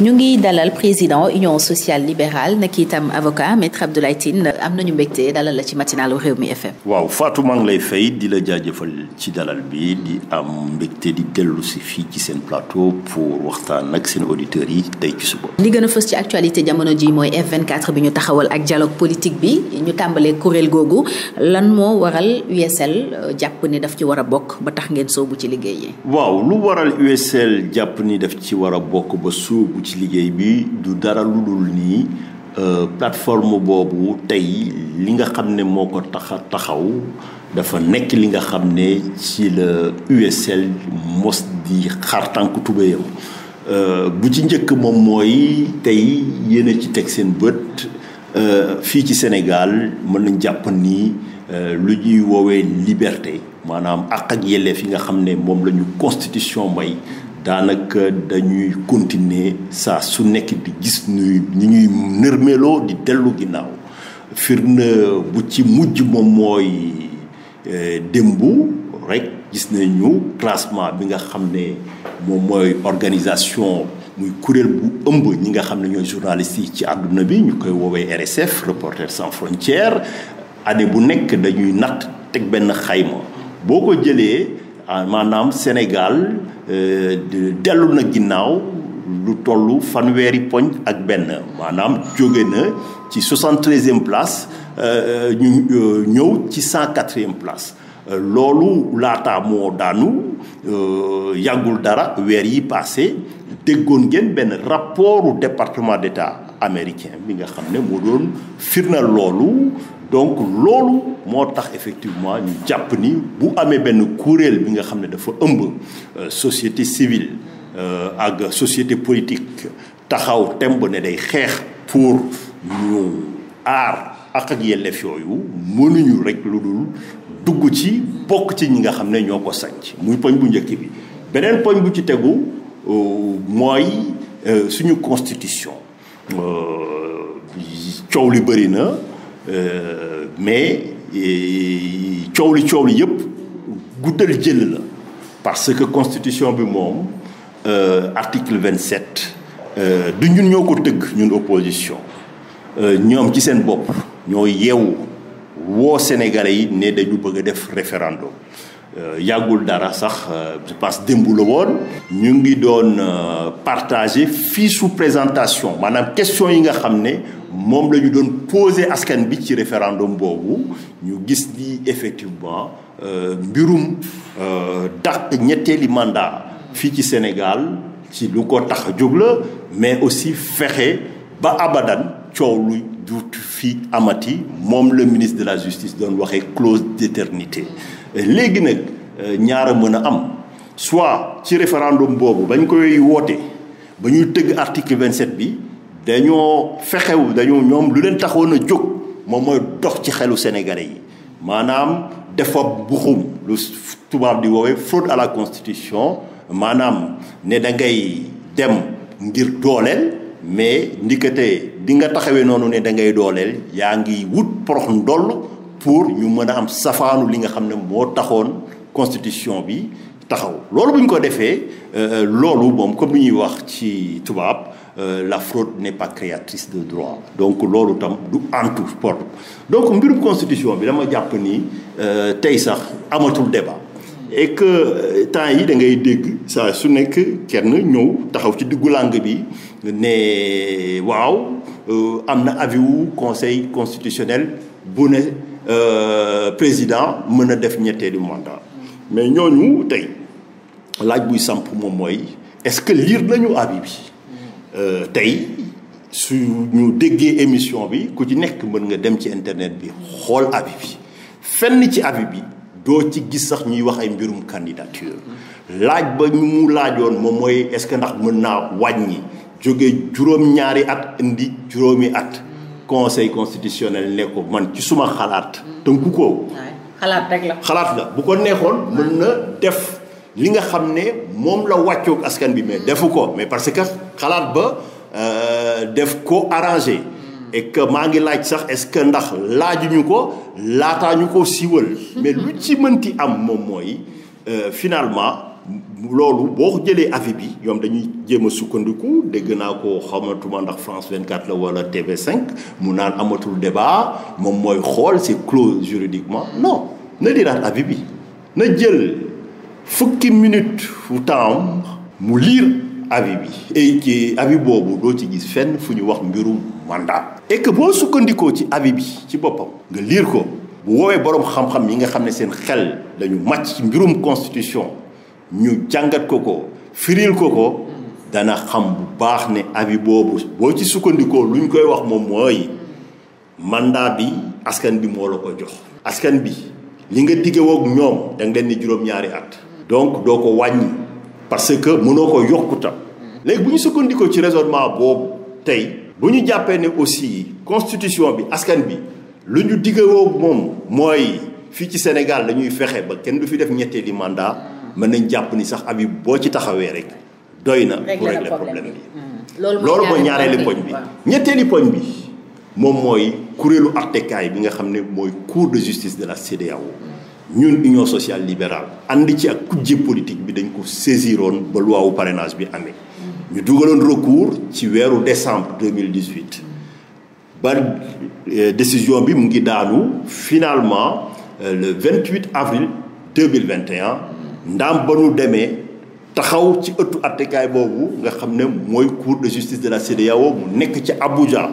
ñu ngi dalal président union sociale libérale nekk itam avocat maître Abdoulaye Tine am na nañu mbégte dalal la ci matinalu réew mi FM. waaw Fatou maa ngi lay fay di la jaajëfal ci dalal bi di am mbégte di dellu fii ci seen plateau pour waxtaan ak seen auditeurs yi tey ci suba. li gën a fës ci actualité jamono ji mooy f bi ñu taxawal ak dialogue politique bi ñu tàmbalee kuréel googu lan moo waral USL euh, jàpp ni daf ci war a bokk ba tax ngeen soobu ci liggéey yi. waaw ni daf ci war bokk ba ci liggéey bi du dara lu dul nii euh, plateforme boobu tey li nga xam ne moo ko tax a taxaw dafa nekk li nga xam ne ci la USL mos di xar tànk tubéyam euh, bu ci njëkk moom mooy tey yéen ci teg seen bët euh, fii ci Sénégal mën nañ jàpp ni lu ñuy woowee liberté maanaam àq ak yelleef yi nga xam ne moom lañu ñu constitution may daanaka dañuy continuer saa su nekk di gis ñuy ñu ñuy nërmeloo di dellu ginnaaw firnde bu ci mujj moom mooy eh, démb rek gis nañu classement bi nga xam ne moom mooy organisation muy kuréel bu ëmb ñi nga xam ne ñooy journalistes yi ci àdduna bi ñu koy woowee RSF Reporters sans frontières année bu nekk dañuy natt teg benn xayma boo ko jëlee Ah, maanaam Sénégal euh, dellu na ginnaaw lu tollu fanweeri poñ ak benn maanaam jóge na ci 73e place euh, ñu euh, ñëw ci 104e place loolu laata moo daanu yàggul dara weer yi passé déggoon ngeen benn rapportu département d'État américain bi nga xam ne moo doon firna loolu donc loolu moo tax effectivement ñu jàpp ni bu amee benn kuréel bi nga xam ne dafa ëmb euh, société civile euh, ak société politique taxaw temb ne day xeex pour ñu aar ak ak yelleef yooyu mënuñu rek lu dul dugg ci bokk ci ñi nga xam ne ñoo ko sanc muy poñ bu njëkk bi beneen poñ bu ci tegu euh, mooy suñu constitution coow li bëri na Euh, mais coow li coow li yëpp guddal jël la parce que constitution bi moom euh, article 27 euh, du ñun ñoo ko tëgg ñun opposition ñoom ci seen bopp ñoo yeewu woo sénégalais yi ne dañu bëgg a def référendum yàggul dara sax je pense démb la woon ñu ngi doon partager fii su présentation maanaam question yi nga xam ne moom la ñu doon posé askan bi ci référendum boobu ñu gis ni effectivement euh, mbirum euh, dàq ñetteeli mandat fii ci Sénégal ci lu ko tax a jóg la mais aussi fexe ba abadan coow lu duut fii amati moom la ministre de la justice doon waxee clause d'éternité léegi nag euh, ñaara mën a am soit ci référendum boobu bañ koy woote ba ñuy tëgg vingt 27 bi dañoo fexewu dañoo ñoom lu leen taxoon a jóg moom mooy dox ci xelu sénégalais yi maanaam dafa buxum lu tubaab di woowee fraude à la constitution maanaam ne da ngay dem ngir dooleel mais ndikate di nga taxawee noonu ne da ngay dooleel yaa ngi wut porox ndoll pour ñu mën a am safaanu li nga xam ne moo taxoon constitution bi taxaw loolu bu ñu ko defee euh, euh, loolu moom comme lu ñuy wax ci tubaab Euh, la fraude ne pas créatrice de droit donc loolu tam du antu port donc mbirum constitution bi dama jàpp ni euh, tey sax amatul débat et que euh, temps yi da ngay dégg saa su nekk kenn ñëw taxaw ci diggu làng bi ne waaw am na avis conseil constitutionnel bu ne président mën a def ñetteelu mandat mais ñooñu tey laaj buy samp moom mooy est-ce que lire nañu avis bi Euh, tey su ñu déggee émission bi ku ci nekk mën nga dem ci internet bi xool avis bi fenn ci avis bi doo ci gis sax ñuy wax ay mbirum candidature laaj ba ñu mu laajoon moom mooy est-ce que ndax mën naa wàññi jóge juróom-ñaari at indi juróomi at conseil constitutionnel ne ko man ci suma xalaat tënku ko. xalaat la bu ko neexoon mën na def. li nga xam ne moom la wàccoog askan bi mais defu ko mais parce que xalaat ba euh, def ko arrangé et maa ngi laaj sax est-ce que ndax laajuñu ko laataa ñu ko siiwal mais lu ci mënti am moom mooy euh, finalement loolu boo jëlee avis bi ñoom dañuy jéem a sukkandiku dégg naa ko xamatuma ndax France 24 quatre wala TV5 mu naan amatul débat moom mooy xool c'est clos juridiquement non na diraat avis bi na jël fukki minute fu temps mu liir abi bi et ci avis boobu doo ci gis fenn fu ñu wax mbirum mandat et boo sukkandikoo ci abi bi ci boppam nga liir ko bu woowee boroom xam-xam yi nga xam ne seen xel dañu màcc ci mbirum constitution ñu jàngat ko ko firil ko ko dana xam bu baax ne avis boobu boo ci sukkandikoo lu ñu koy wax moom mooy mandat bi askan bi moo la ko jox askan bi li nga digge woog ñoom da leen ni juróom-ñaari at donc doo ko wàññi parce que mënoo ko yokkuta léegi bu ñu sukkandikoo ci raisonnement boobu tey bu ñu jàppee ne aussi constitution bi askan bi lu ñu diggawoo moom mooy fii ci Sénégal dañuy fexe ba kenn du fi def ñetteeli mandat mën nañ jàpp ni sax Habib boo ci taxawee rek doy na pour régler problème bi hmm. loolu mooy ñaareeli poñ bi ñetteeli poñ bi moom mooy kuréelu attekaay bi nga xam ne mooy cour de justice de la CEDEAO hmm. ñun union sociale libérale ànd ci ak kujje politique bi dañ ko saisiroon ba loi wu bi amee. ñu dugaloon recours ci weeru décembre 2018 ba euh, décision bi mu ngi daanu finalement euh, le 28 avril 2021 ndaam ba nu demee taxaw ci ëttu attekaay boobu nga xam ne mooy cour de justice de la CEDEAO mu nekk ci Abuja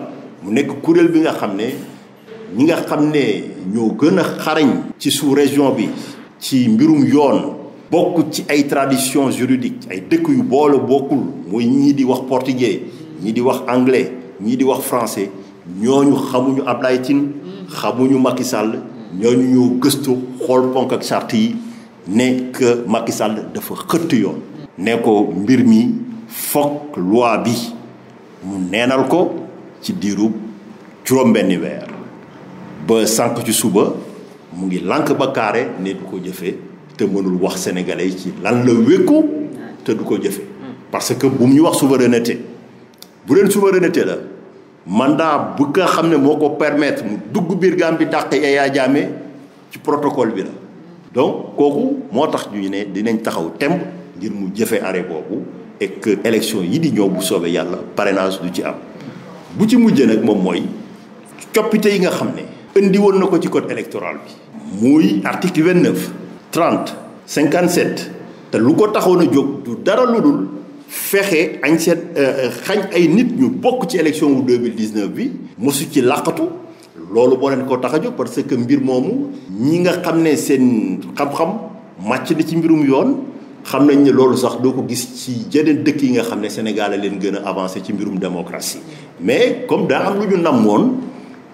mu nekk kuréel bi nga xam ne. ñi nga xam ne ñoo gën a xarañ ci sous région bi ci mbirum yoon bokk ci ay tradition juridique ay dëkk yu boole bokkul mooy ñii di wax portugais ñii di wax anglais ñii di wax français ñooñu xamuñu Ablaye Tine xamuñu Macky Sall ñooñu ñoo gëstu xool ponk ak yi ne que dafa xëtt yoon ne ko mbir mi foog loi bi mu neenal ko ci diirub juróom-benni weer ba sànq ci suba mu ngi lànk ba carré ne du ko jëfee te mënul wax sénégalais ci lan la wékku te du ko jëfe parce que bu mu ñu wax souveraineté bu leen souveraineté la mandat bu nga xam ne moo ko permettre mu dugg biir Gàmbi dàq yaa Jammeh ci protocole bi la donc kooku moo tax ñu ne dinañ taxaw temb ngir mu jëfe arrêt boobu et que yi di ñëw bu soobee yàlla parrainage du ci am bu ci mujjee nag moom mooy coppite yi nga xam ne di woon na ko ci code électoral bi. muy article vingt neuf. trente cinquante sept te lu ko taxoon a jóg du dara lu dul fexe añ seet euh, xañ ay nit ñu bokk ci élection wu deux mille dix neuf bi mosu ci làqatu loolu boo leen ko tax a jóg parce que mbir moomu ñi nga xam ne seen xam-xam màcc na ci mbirum yoon. xam nañ ne loolu sax doo ko gis ci jeneen dëkk yi nga xam ne Sénégal a leen gën a avancé ci mbirum démocratie mais comme daa am lu ñu namoon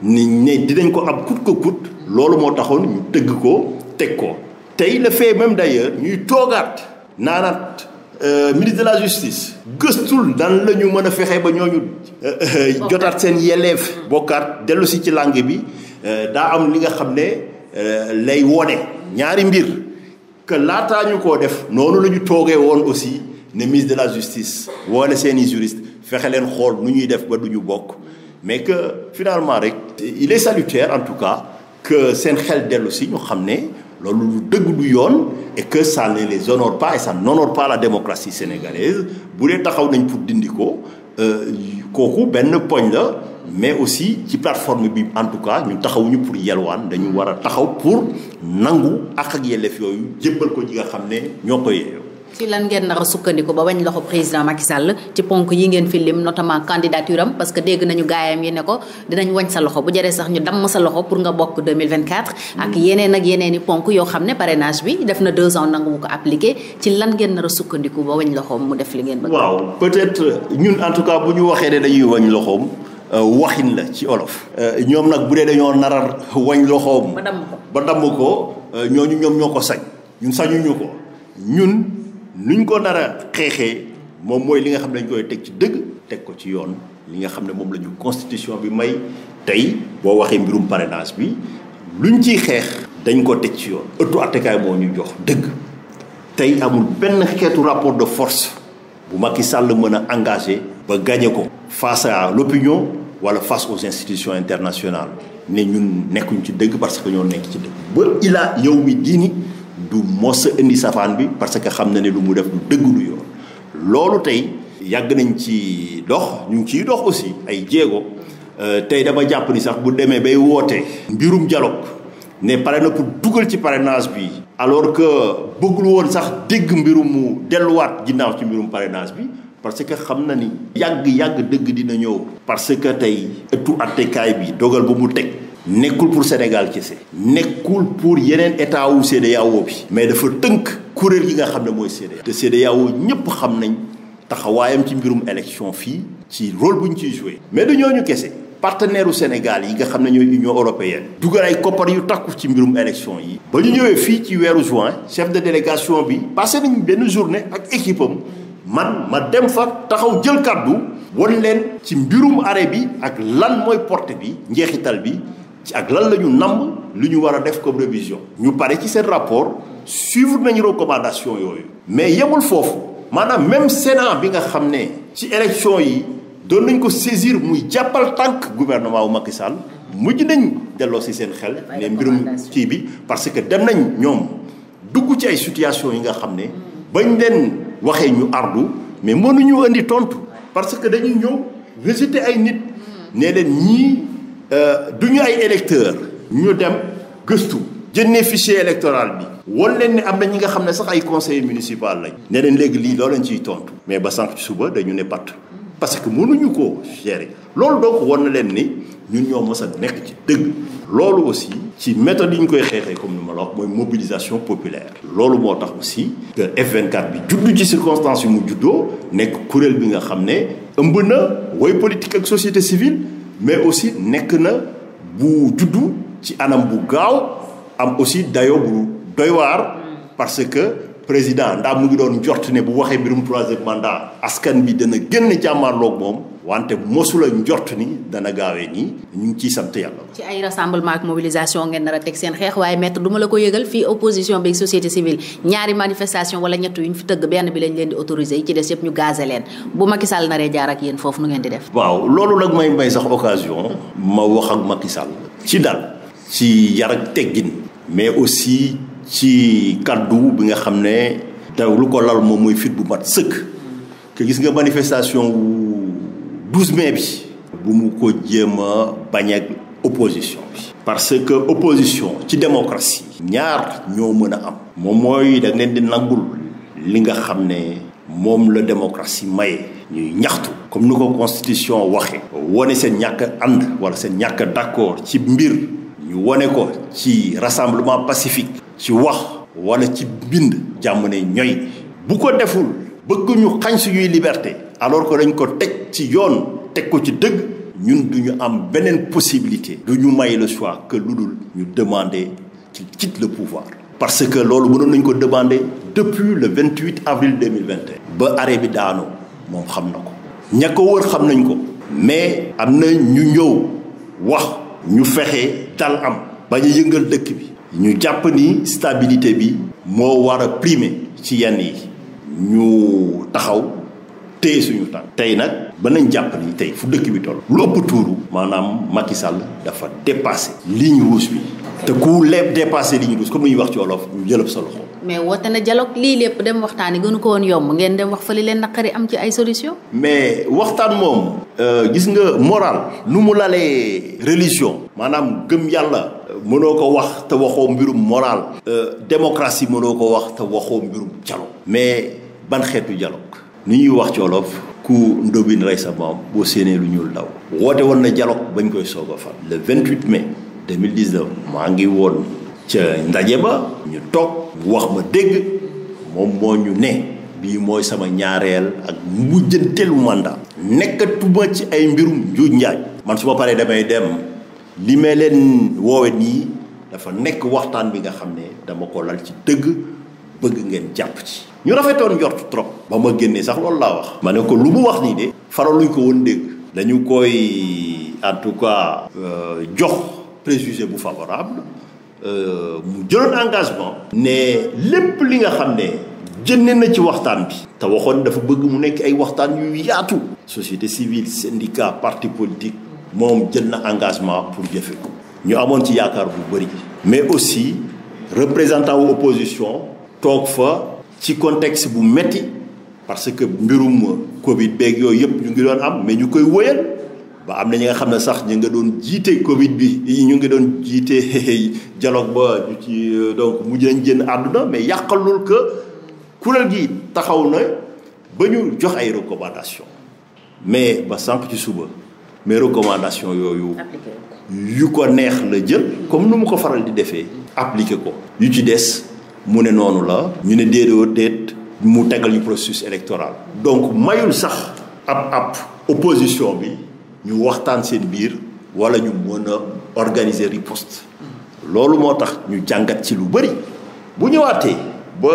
ni ne dinañ ko am coûte ko coûte loolu moo taxoon ñu tëgg ko teg ko tey le fait même d'ailleurs ñuy toogaat naanaat euh, ministre de la justice gëstul dan lañu ñu mën a fexe ba ñooñu euh, euh, jotaat seen yelleef bokkaat dellu si ci langue bi daa am li nga xam ne lay wone ñaari mbir que laataa ñu ko def noonu la ñu toogee woon aussi ne ministre de la justice woone seeni i fexe leen xool nu ñuy def ba duñu bokk mais que finalement rek il est salutaire en tout cas que seen xel dellu si ñu xam ne loolu lu dëgg du yoon et que ça ne les honore pas et ça n'honore pas la démocratie sénégalaise bu dee taxaw nañ pour dindi ko euh, kooku benn poñ la mais aussi ci plateforme bi en tout cas ñu taxawuñu pour yelwaan dañu war a taxaw pour nangu ak ak yelleef yooyu jëppal ko ñi nga xam ne ñoo koy ci lan ngeen nar a sukkandiku ba wañ yi ngeen fi lim notamment ne ko dinañ wañ sa loxo bu jëree sax ñu damm sa loxo pour nga bokk 2024 ak mm. yeneen ak yeneen yoo xam ne parrainage bi def na deux ans nangu ko a sukkandiku ba wañ loxoom mu def li ngeen bëgg. waaw peut-être ñun en tout cas bu ñu waxee ne dañuy wañ loxoom euh, waxin la ci olof. Euh, ñoom nag bu dee dañoo narar wañ loxoom. ba damm ko ba damm ko euh, ñooñu ñoom ñoo ko sañ ñun sañuñu ko ñun. nuñ ko nar a xeexee moom mooy li nga xam ne dañ koy teg ci dëgg teg ko ci yoon li nga xam ne moom la ñu constitution bi may tey boo waxee mbirum parrainage bi luñ ci xeex dañ ko teg ci yoon ëttu attekaay moo ñu jox dëgg tey amul benn xeetu rapport de force bu Macky sàll mën a engagé ba gagné ko face à l'opinion wala face aux institutions internationales ne ñun nekkuñ ci dëgg parce que ñoo nekk ci dëgg ba ilaa yow mi diini du mos a indi safaan bi parce que xam na ne lu mu def lu dëgg lu yoon loolu tey yàgg nañ ci dox ñu ngi ciy dox aussi ay jéego euh, tey dama jàpp ni sax bu demee bay woote mbirum jaloog ne pare na pour dugal ci parrainage bi alors que bëggul woon sax dëgg mbirum mu delluwaat ginnaaw ci mbirum parrainage bi parce que xam na ni yàgg-yàgg dëgg dina ñëw parce que tey ëttu attekaay bi dogal bu mu teg nekkul pour Sénégal kese nekkul pour yeneen état wu CEDEAO bi mais dafa tënk kuréel yi nga xam ne mooy CEDEAO te CEDEAO ñëpp xam nañ taxawaayam ci mbirum élection fii ci rôle bu ñu ciy mais du ñooñu kese partenaire u Sénégal yi nga xam ne ñooy Union européenne dugal ay koppar yu takku ci mbirum élection yi ba ñu ñëwee fii ci weeru juin chef de délégation bi passé nañ benn journée ak équipe man ma dem fa taxaw jël kàddu won leen ci mbirum arrêt bi ak lan mooy porte bi njeexital bi ci ak lan la ñu namm lu ñu war a def comme révision ñu pare ci seen rapport suivre nañu recommandation yooyu mais yemul foofu maanaam même Sénat bi nga xam ne ci élection yi doon nañ ko saisir muy jàppal tànk gouvernement wu Macky mujj nañ delloo si seen xel ne mbirum kii bi parce que dem nañ ñoom dugg ci ay situation yi nga xam ne bañ leen waxee ñu ardu mais mënuñu indi tontu parce que dañuy ñëw rejeté ay nit hmm. ne leen ñii Euh, du ñu ay électeurs ñu dem gëstu jëndee fichier électoral bi. wan leen ne am na ñi nga xam ne sax ay conseil municipal lañ. ne leen léegi lii loo leen ciy tontu. mais ba sànq suba dañu ne pat parce que mënuñu koo gérer loolu doo ko wan na leen ni ñun ñoo mos a nekk ci dëgg. loolu aussi ci méthode yi ñu koy xeexee comme ni ma la mooy mobilisation populaire. loolu moo tax aussi. que F24 bi juddu ci circonstance yu mu juddoo nekk kuréel bi nga xam ne ëmb na woy politique ak société mais aussi nekk na bu juddu ci anam bu gaaw am aussi dayo bu doy waar parce que président ndax mu ngi doon njort ne bu waxee mbirum troisième mandat askan bi dana génn jàmmaarloog moom wante mosula njort ni dana gaawee nii. ñu ngi ciy sant yàlla. ci ay rassemblement ak mobilisation ngeen nar a teg seen xeex waaye maître du ma la ko yëgal fii opposition bi société civile ñaari manifestation wala ñett yu ñu fi tëgg benn bi lañ leen di autorisé yi ci des yëpp ñu gazé leen bu Macky Sall naree jaar ak yéen foofu nu ngeen di def. waaw loolu nag may may sax occasion. ma wax ak Macky Sall. ci dal ci yar ak teggin. mais aussi ci kaddu bi nga xam ne. te lu ko moom mooy fit bu mat gis nga manifestation 12 mai bi. bu mu ko jéem a bañ ak opposition bi. parce que opposition ci démocratie. ñaar ñoo mën a am. moom mooy da ngeen di nangul li nga xam ne moom la démocratie maye. ñuy ñaxtu. comme nu ko constitution waxee. wone seen ñàkk ànd wala seen ñàkk d'accord ci mbir. ñu wone ko ci rassemblement pacifique. ci wax wala ci bind. jàmm ne ñooy. bu ko deful bëgguñu ñu xañ liberté. alors que nañ ko teg ci yoon teg ko ci dëgg ñun du ñu am beneen possibilité du ñu may le choix que lu dul ñu demander ci quitte le pouvoir parce que loolu mënoon nañ ko demander depuis le 28 avril 2021 ba arrêt bi daanoo moom xam na ko ña ko wër xam nañ ko mais am na ñu ñëw wax ñu fexe dal am bañ a yëngal dëkk bi ñu jàpp ni stabilité bi moo war a primer ci yenn yi ñu taxaw téye suñu tànk tey nag ba nañ jàpp ni tey fu dëkk bi toll lu ëpp tuuru maanaam Macky Sall dafa dépassé ligne rouge bi te ku lépp dépassé ligne rouge comme lu ñuy wax ci wolof ñu jëlëb sa loxo mais woote na dialogue lii lépp dem waxtaan yi gënu ko woon yomb ngeen dem wax fa li leen naqari am ci ay solution mais waxtaan moom euh, gis nga moral lu mu lalee religion maanaam gëm yàlla euh, mënoo ko wax te waxoo mbirum moral euh, démocratie mënoo ko wax te waxoo mbirum dialogue mais ban xeetu dialogue ni ñuy wax ci wolof ku ndóbin rey sa maam boo séenee lu ñuul daw woote woon na dialogue bañ koy soog a fal le 28 mai 2019 maa ngi woon ca ndaje ba ñu toog wax ma dégg moom moo ñu ne bii mooy sama ñaareel ak mujjanteelu mandat nekkatuma ci ay mbirum njuuj njaaj man su ma paree damay dem lii may leen woowe nii dafa nekk waxtaan bi nga xam ne dama ko lal ci dëgg bëgg ngeen jàpp ci ñu rafetoon njort trop. ba ma génnee sax loolu laa wax. ma ne ko lu mu wax nii de. faraluñ ko woon dégg. dañu koy en tout cas. Euh, jox préjugé bu favorable euh, mu jëloon engagement. ne lépp li nga xam ne. jën jënne na ci waxtaan bi te waxoon dafa bëgg mu nekk ay waxtaan yu yaatu société civile syndicat parti politique moom jën na engagement pour jëfe ko ñu amoon ci yaakaar bu bëri mais aussi représentant wu opposition toog fa ci contexte bu metti parce que mbirum Covid beeg yooyu yëpp ñu ngi doon am mais ñu koy wóyal ba am na ñi nga xam ne sax ñu nga doon jiite Covid bi ñu ngi doon jiite dialogue ba ñu ci donc mu nañ génn àdduna mais yàqalul que kuréel gi taxaw na ba ñu jox ay recommandations mais ba sànq ci suba mais recommandation yooyu. yu ko neex la jël comme nu mu ko faral di defee. appliqué ko yu ci des. mu ne noonu la ñu ne déedéet déet mu tegal ñu processus électoral donc mayul sax ab ab opposition bi ñu waxtaan seen biir wala ñu mën a organiser ripost loolu moo tax ñu jàngat ci lu bëri bu ñëwaatee ba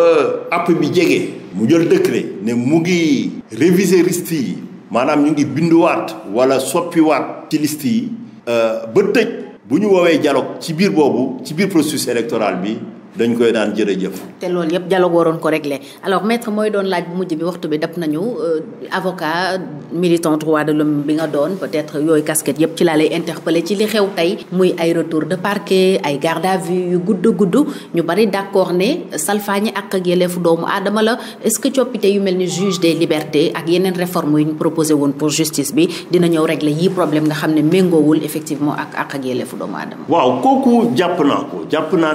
app bi jege mu jël décret ne mu ngi réviser liste yi maanaam ñu ngi binduwaat wala soppiwaat ci liste yi euh, ba tëj bu ñu woowee dialogue ci biir boobu ci biir processus électoral bi dañ koy naan jërëjëf. te loolu yëpp dialogue waroon ko régler alors maître mooy doon laaj bu mujj bi waxtu bi dab nañu euh, avocat militant droit de l'homme bi nga doon peut-être yooyu casquette yëpp ci laa lay interpeller ci li xew tey. muy ay retour de parquet ay garde à vue yu gudd gudd ñu bari d'accord ne salfaañi ak ak yelleefu doomu aadama la est-ce que coppite yu mel ni juge des libertés ak yeneen réforme yu ñu proposé woon pour justice bi dina ñëw régler yii problème nga xam ne méngoowul effectivement ak ak ak yelleefu doomu aadama. waaw kooku jàpp naa ko jàpp naa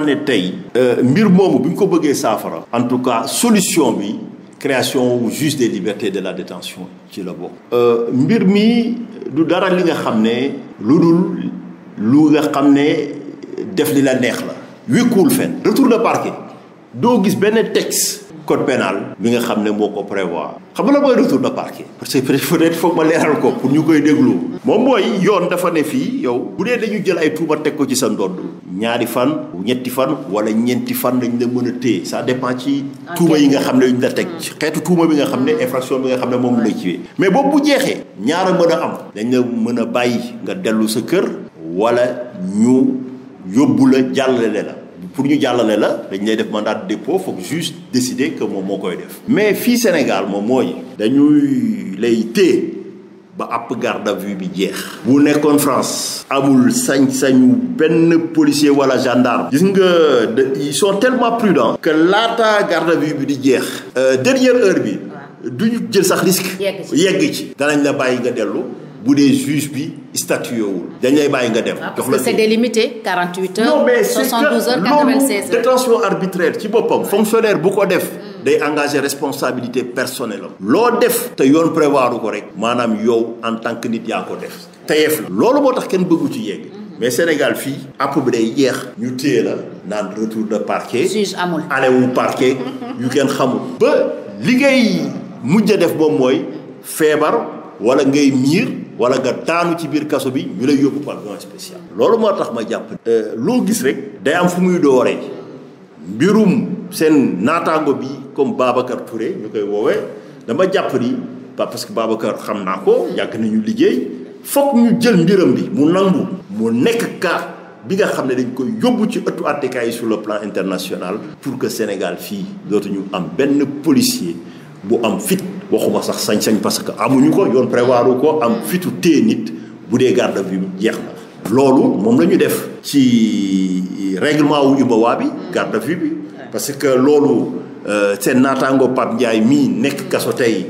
mbir moomu bu ñu ko bëggee saafara. en tout cas solution bi création wu juge des libertés de la détention ci la bopp euh, mbir mi du dara li nga xam ne lu dul lu nga xam ne def li la neex la. wékkuwul fenn retour de parquet doo gis benn texte. code pénal bi nga xam ne moo ko prévoir. xam nga la mooy retour de parquet. parce que peut-être foog ma leeral ko pour ñu koy déglu. moom mooy yoon dafa ne fii yow. bu dee dañu jël ay tuuma teg ko ci sa ndodd ñaari fan ñetti fan wala ñeenti fan lañ la mën a téye sa dépend ci tuuma yi nga xam ne ñu la teg hmm. xeetu tuuma bi nga xam ne hmm. infraction bi nga xam ne moom la ciwee mais boobu bu jeexee ñaara mën a am dañ la mën a bàyyi nga dellu sa kër wala ñu yóbbu la jàllale la pour ñu jàllale la dañ lay def mandat de dépôt foog juge décider moom moo koy def mais fii Sénégal moom mooy dañuy lay téye ba àpp garde à vue bi jeex. bu nekkoon France. amul sañ-sañu benn policier wala gendarme. gis nga de ils sont tellement prudents. que laata garde à vue bi di jeex. Euh, dernière heure bi. du jël sax risque. yegg ci danañ la bàyyi nga dellu. bu dee juge bi statué wul. dañ lay bàyyi nga dem. Ah, jox la c'est délimité 48 heures. non mais c'est que loolu détention arbitraire ci boppam fonctionnaire bu ko def. Mm. day engagé responsabilité personnelle loo def te yoon prévoiru ko rek maanaam yow en tant que nit yaa ko def tayeef la loolu moo tax kenn bëggu ci yegg mais Sénégal fii àpp bi day jeex ñu téye la naan retour de parquet juge amul alewu parquet yu kenn xamu ba li mujj def boobu mooy feebar wala ngay miir wala nga daanu ci biir kaso bi ñu lay yóbbu pavillon spécial loolu moo tax ma jàpp euh, loo gis rek day am fu muy dooree mbirum seen naataango bi comme Babacar Touré ñu koy woowee dama jàpp ni parce que Babacar xam naa ko yàgg nañu liggéey foog ñu jël mbiram bi mu nangu. mu nekk cas bi nga xam ne dañ ko yóbbu ci ëttu àttekaay yi sur le plan international. pour que Sénégal fii dootuñu am benn policier bu am fit waxuma sax sañ-sañ parce que amuñu ko yoon prévoir ko am fitu téye nit bu dee garde bi jeex na. loolu moom la ñu def ci règlement wu UMOA bi garde à bi parce que loolu Euh, seen naataango Pape Ndiaye mii nekk kaso tey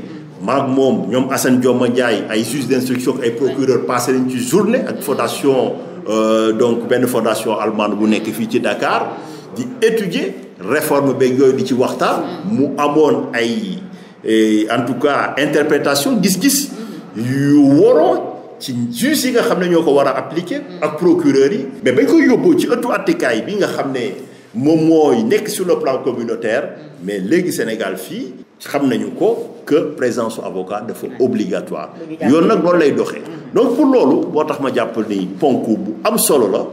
maag moom ñoom Assane Dioma njaay ay juge d'instruction ay procureur passé nañ ci journée ak fondation euh, donc benn fondation allemande bu nekk fii ci dakaar di étudier réforme beeg yooyu di ci waxtaan mu amoon ay eh, en tout cas interprétation gis-gis yu waroo ci juge yi nga xam ne ñoo ko war a appliquer ak procureur yi mais bañ koy yóbboo ci ëttu attikaay bi nga xam ne moom mooy nekk sur le plan communautaire mais léegi Sénégal fii xam nañu ko que présence su avocat dafa obligatoire yoon nag loolu lay doxe mm. donc pour loolu boo tax ma jàpp ni ponk bu am solo la mm.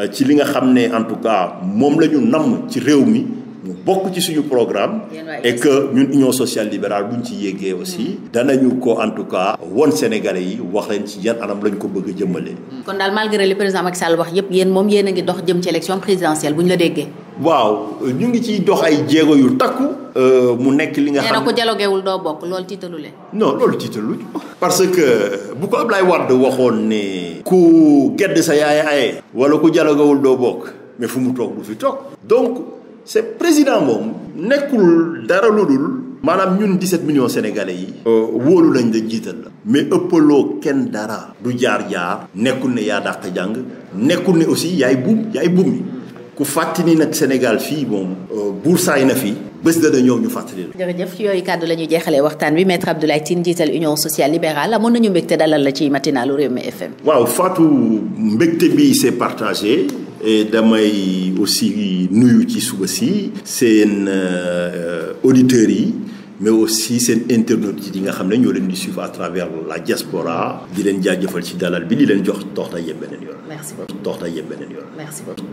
euh, ci li nga xam ne en tout cas moom la ñu namm ci réew mi mu bokk ci suñu programme et que ñun union sociale bu ñu ci yéegee aussi dana mm. danañu ko en tout cas won sénégalais yi wax leen ci yan anam lañ ko bëgg a jëmmalee mm. kon daal malgré li président Macky Sall wax yépp yéen moom yéen a ngi dox jëm ci élection présidentielle bu ñu la déggee ñu ngi ciy dox ay jéego yu takku euh, mu nekk li nga xam ko dialoguewul doo bokk loolu tiitalu leen non loolu tiitalu parce que bu ko Ablaye Wade waxoon ne ku gedd sa yaay aye wala ku dialoguewul doo bokk mais fu mu toog du fi c'est président moom nekkul dara lu dul maanaam ñun 17 millions sénégalais yi. Euh, wóolu lañ la jiital la. mais ëppaloo kenn dara. du jaar jaar. nekkul ne yaa dàq jàng nekkul ne aussi yaay buum yaay buum ku fàttali nag Sénégal fii moom. Euh, buursaay na fi. bés dana ñëw ñu fàttali la. jërëjëf yooyu kàddu la ñuy jeexalee waxtaan wi bi maître Abdoulaye Tine jiital union sociale libérale amoon nañu mbégte dalal la ci matinalu Rewmi FM. waaw Fatou mbégte bi c'est partagé. damay aussi nuyu ci suba si seen euh, auditeurs yi mais aussi seen internautes yi nga xam ne ñoo leen di suivre à travers la diaspora di leen jaajëfal ci dalal bi di leen jox dox na yem beneen yoon. merci